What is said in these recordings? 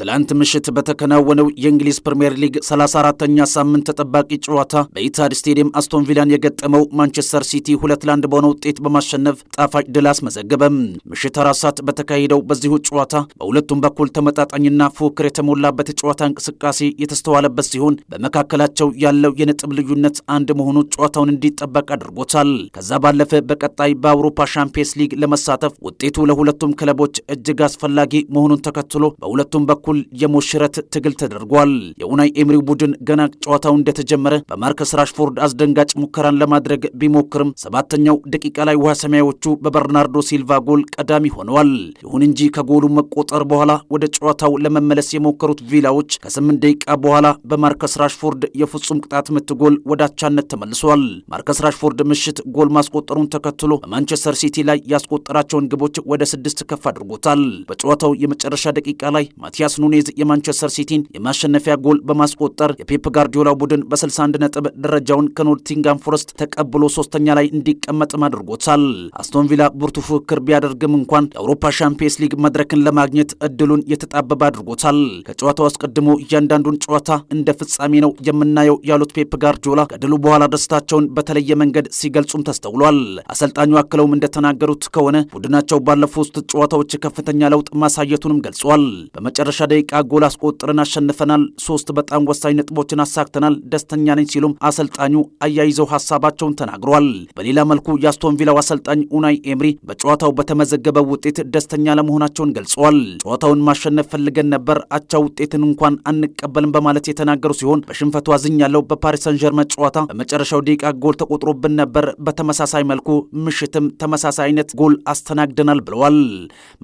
ትላንት ምሽት በተከናወነው የእንግሊዝ ፕሪምየር ሊግ 34 ተኛ ሳምንት ተጠባቂ ጨዋታ በኢታድ ስቴዲየም አስቶን ቪላን የገጠመው ማንቸስተር ሲቲ ሁለት ለአንድ በሆነ ውጤት በማሸነፍ ጣፋጭ ድል አስመዘገበም። ምሽት አራት ሰዓት በተካሄደው በዚሁ ጨዋታ በሁለቱም በኩል ተመጣጣኝና ፉክክር የተሞላበት ጨዋታ እንቅስቃሴ የተስተዋለበት ሲሆን በመካከላቸው ያለው የነጥብ ልዩነት አንድ መሆኑ ጨዋታውን እንዲጠበቅ አድርጎታል። ከዛ ባለፈ በቀጣይ በአውሮፓ ሻምፒየንስ ሊግ ለመሳተፍ ውጤቱ ለሁለቱም ክለቦች እጅግ አስፈላጊ መሆኑን ተከትሎ በሁለቱም በኩል በኩል የሞሽረት ትግል ተደርጓል። የኡናይ ኤምሪ ቡድን ገና ጨዋታው እንደተጀመረ በማርከስ ራሽፎርድ አስደንጋጭ ሙከራን ለማድረግ ቢሞክርም ሰባተኛው ደቂቃ ላይ ውሃ ሰማያዎቹ በበርናርዶ ሲልቫ ጎል ቀዳሚ ሆነዋል። ይሁን እንጂ ከጎሉ መቆጠር በኋላ ወደ ጨዋታው ለመመለስ የሞከሩት ቪላዎች ከስምንት ደቂቃ በኋላ በማርከስ ራሽፎርድ የፍጹም ቅጣት ምት ጎል ወደ አቻነት ተመልሷል። ማርከስ ራሽፎርድ ምሽት ጎል ማስቆጠሩን ተከትሎ በማንቸስተር ሲቲ ላይ ያስቆጠራቸውን ግቦች ወደ ስድስት ከፍ አድርጎታል። በጨዋታው የመጨረሻ ደቂቃ ላይ ማቲያስ ሉዊስ ኑኔዝ የማንቸስተር ሲቲን የማሸነፊያ ጎል በማስቆጠር የፔፕ ጋርዲዮላ ቡድን በ61 ነጥብ ደረጃውን ከኖቲንጋም ፎረስት ተቀብሎ ሶስተኛ ላይ እንዲቀመጥም አድርጎታል። አስቶን ቪላ ብርቱ ፉክክር ቢያደርግም እንኳን የአውሮፓ ሻምፒየንስ ሊግ መድረክን ለማግኘት እድሉን የተጣበበ አድርጎታል። ከጨዋታው አስቀድሞ እያንዳንዱን ጨዋታ እንደ ፍጻሜ ነው የምናየው ያሉት ፔፕ ጋርዲዮላ ከድሉ በኋላ ደስታቸውን በተለየ መንገድ ሲገልጹም ተስተውሏል። አሰልጣኙ አክለውም እንደተናገሩት ከሆነ ቡድናቸው ባለፉት ጨዋታዎች ከፍተኛ ለውጥ ማሳየቱንም ገልጿል። በመጨረሻ ደቂቃ ጎል አስቆጥረን አሸንፈናል። ሶስት በጣም ወሳኝ ነጥቦችን አሳክተናል። ደስተኛ ነኝ ሲሉም አሰልጣኙ አያይዘው ሀሳባቸውን ተናግረዋል። በሌላ መልኩ የአስቶን ቪላው አሰልጣኝ ኡናይ ኤምሪ በጨዋታው በተመዘገበው ውጤት ደስተኛ ለመሆናቸውን ገልጸዋል። ጨዋታውን ማሸነፍ ፈልገን ነበር፣ አቻ ውጤትን እንኳን አንቀበልም በማለት የተናገሩ ሲሆን በሽንፈቱ አዝኛለሁ። በፓሪስ ሰን ዠርመን ጨዋታ በመጨረሻው ደቂቃ ጎል ተቆጥሮብን ነበር። በተመሳሳይ መልኩ ምሽትም ተመሳሳይ አይነት ጎል አስተናግደናል ብለዋል።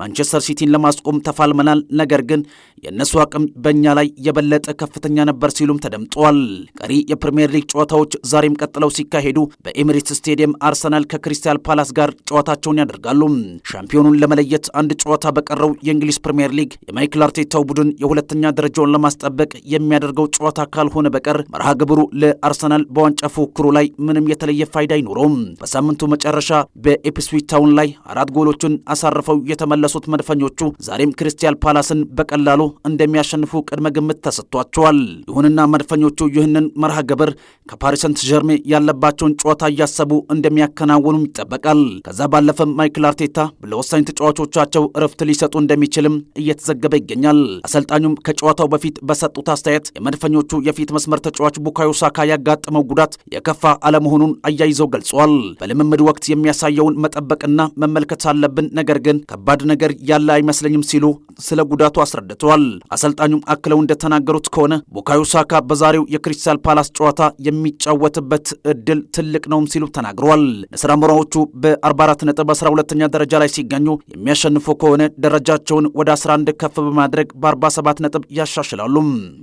ማንቸስተር ሲቲን ለማስቆም ተፋልመናል ነገር ግን የእነሱ አቅም በእኛ ላይ የበለጠ ከፍተኛ ነበር ሲሉም ተደምጠዋል። ቀሪ የፕሪምየር ሊግ ጨዋታዎች ዛሬም ቀጥለው ሲካሄዱ በኤሚሬትስ ስቴዲየም አርሰናል ከክሪስታል ፓላስ ጋር ጨዋታቸውን ያደርጋሉ። ሻምፒዮኑን ለመለየት አንድ ጨዋታ በቀረው የእንግሊዝ ፕሪምየር ሊግ የማይክል አርቴታው ቡድን የሁለተኛ ደረጃውን ለማስጠበቅ የሚያደርገው ጨዋታ ካልሆነ በቀር መርሃ ግብሩ ለአርሰናል በዋንጫ ፉክክሩ ላይ ምንም የተለየ ፋይዳ አይኖረውም። በሳምንቱ መጨረሻ በኢፕስዊች ታውን ላይ አራት ጎሎችን አሳርፈው የተመለሱት መድፈኞቹ ዛሬም ክሪስታል ፓላስን በቀላሉ በመቀጠሉ እንደሚያሸንፉ ቅድመ ግምት ተሰጥቷቸዋል። ይሁንና መድፈኞቹ ይህንን መርሃ ግብር ከፓሪሰንት ጀርሜ ያለባቸውን ጨዋታ እያሰቡ እንደሚያከናውኑም ይጠበቃል። ከዛ ባለፈም ማይክል አርቴታ ለወሳኝ ተጫዋቾቻቸው እረፍት ሊሰጡ እንደሚችልም እየተዘገበ ይገኛል። አሰልጣኙም ከጨዋታው በፊት በሰጡት አስተያየት የመድፈኞቹ የፊት መስመር ተጫዋች ቡካዮ ሳካ ያጋጠመው ጉዳት የከፋ አለመሆኑን አያይዘው ገልጿል። በልምምድ ወቅት የሚያሳየውን መጠበቅና መመልከት አለብን፣ ነገር ግን ከባድ ነገር ያለ አይመስለኝም ሲሉ ስለ ጉዳቱ አስረድተዋል። ተናግረዋል። አሰልጣኙም አክለው እንደተናገሩት ከሆነ ቡካዮ ሳካ በዛሬው የክሪስታል ፓላስ ጨዋታ የሚጫወትበት እድል ትልቅ ነውም ሲሉ ተናግረዋል። ንስር አሞራዎቹ በ44 ነጥብ 12ኛ ደረጃ ላይ ሲገኙ የሚያሸንፉ ከሆነ ደረጃቸውን ወደ 11 ከፍ በማድረግ በ47 ነጥብ ያሻሽላሉ።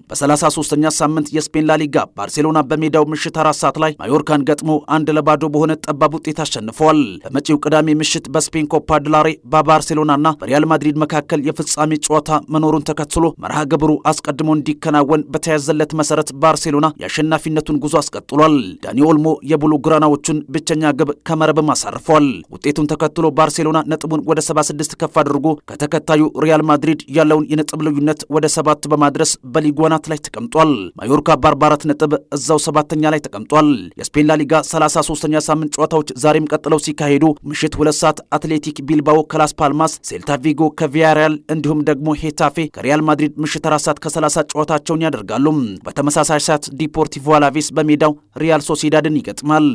በ33ኛ ሳምንት የስፔን ላሊጋ ባርሴሎና በሜዳው ምሽት አራት ሰዓት ላይ ማዮርካን ገጥሞ አንድ ለባዶ በሆነ ጠባብ ውጤት አሸንፈዋል። በመጪው ቅዳሜ ምሽት በስፔን ኮፓ ድላሬ በባርሴሎናና በሪያል ማድሪድ መካከል የፍጻሜ ጨዋታ መኖሩን ተከትሎ መርሃ ግብሩ አስቀድሞ እንዲከናወን በተያዘለት መሰረት ባርሴሎና የአሸናፊነቱን ጉዞ አስቀጥሏል። ዳኒ ኦልሞ ግራናዎቹን ብቸኛ ግብ ከመረብም አሳርፏል። ውጤቱን ተከትሎ ባርሴሎና ነጥቡን ወደ 76 ከፍ አድርጎ ከተከታዩ ሪያል ማድሪድ ያለውን የነጥብ ልዩነት ወደ ሰባት በማድረስ በሊጉ አናት ላይ ተቀምጧል። ማዮርካ በ44 ነጥብ እዛው ሰባተኛ ላይ ተቀምጧል። የስፔን ላሊጋ 33ኛ ሳምንት ጨዋታዎች ዛሬም ቀጥለው ሲካሄዱ ምሽት ሁለት ሰዓት አትሌቲክ ቢልባኦ ከላስ ፓልማስ፣ ሴልታ ቪጎ ከቪያሪያል እንዲሁም ደግሞ ሄታፌ ሪያል ማድሪድ ምሽት አራት ሰዓት ከ30 ጨዋታቸውን ያደርጋሉ። በተመሳሳይ ሰዓት ዲፖርቲቮ አላቬስ በሜዳው ሪያል ሶሲዳድን ይገጥማል።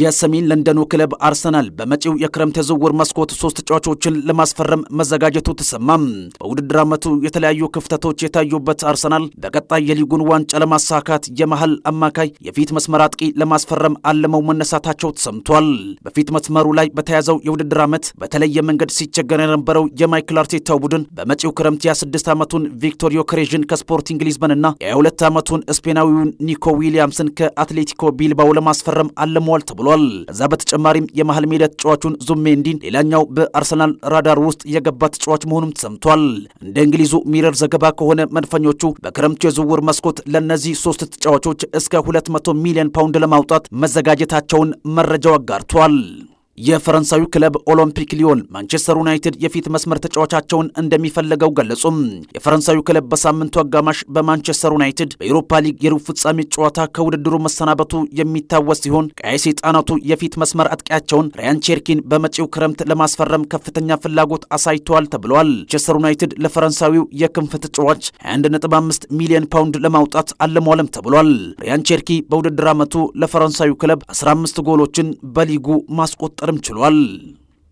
የሰሜን ለንደኑ ክለብ አርሰናል በመጪው የክረምት የዝውውር መስኮት ሶስት ተጫዋቾችን ለማስፈረም መዘጋጀቱ ተሰማም። በውድድር ዓመቱ የተለያዩ ክፍተቶች የታዩበት አርሰናል በቀጣይ የሊጉን ዋንጫ ለማሳካት የመሃል አማካይ፣ የፊት መስመር አጥቂ ለማስፈረም አለመው መነሳታቸው ተሰምቷል። በፊት መስመሩ ላይ በተያዘው የውድድር ዓመት በተለየ መንገድ ሲቸገር የነበረው የማይክል አርቴታው ቡድን በመጪው ክረምት የ26 ዓመቱን ቪክቶር ዮኬሬዥን ከስፖርቲንግ ሊዝበን የ22 ዓመቱን ስፔናዊውን ኒኮ ዊሊያምስን ከአትሌቲኮ ቢልባው ለማስፈረም አለመዋል ተብሏል። ከዛ በተጨማሪም የመሃል ሜዳ ተጫዋቹን ዙሜንዲን ሌላኛው በአርሰናል ራዳር ውስጥ የገባ ተጫዋች መሆኑም ተሰምቷል። እንደ እንግሊዙ ሚረር ዘገባ ከሆነ መድፈኞቹ በክረምቱ የዝውውር መስኮት ለእነዚህ ሶስት ተጫዋቾች እስከ 200 ሚሊዮን ፓውንድ ለማውጣት መዘጋጀታቸውን መረጃው አጋርቷል። የፈረንሳዩ ክለብ ኦሎምፒክ ሊዮን ማንቸስተር ዩናይትድ የፊት መስመር ተጫዋቻቸውን እንደሚፈልገው ገለጹም። የፈረንሳዩ ክለብ በሳምንቱ አጋማሽ በማንቸስተር ዩናይትድ በኤሮፓ ሊግ የሩብ ፍጻሜ ጨዋታ ከውድድሩ መሰናበቱ የሚታወስ ሲሆን ቀይ ሰይጣናቱ የፊት መስመር አጥቂያቸውን ራያን ቼርኪን በመጪው ክረምት ለማስፈረም ከፍተኛ ፍላጎት አሳይተዋል ተብሏል። ማንቸስተር ዩናይትድ ለፈረንሳዊው የክንፍ ተጫዋች 21.5 ሚሊዮን ፓውንድ ለማውጣት አለሟለም ተብሏል። ራያን ቼርኪ በውድድር ዓመቱ ለፈረንሳዩ ክለብ 15 ጎሎችን በሊጉ ማስቆጠ መፍጠርም ችሏል።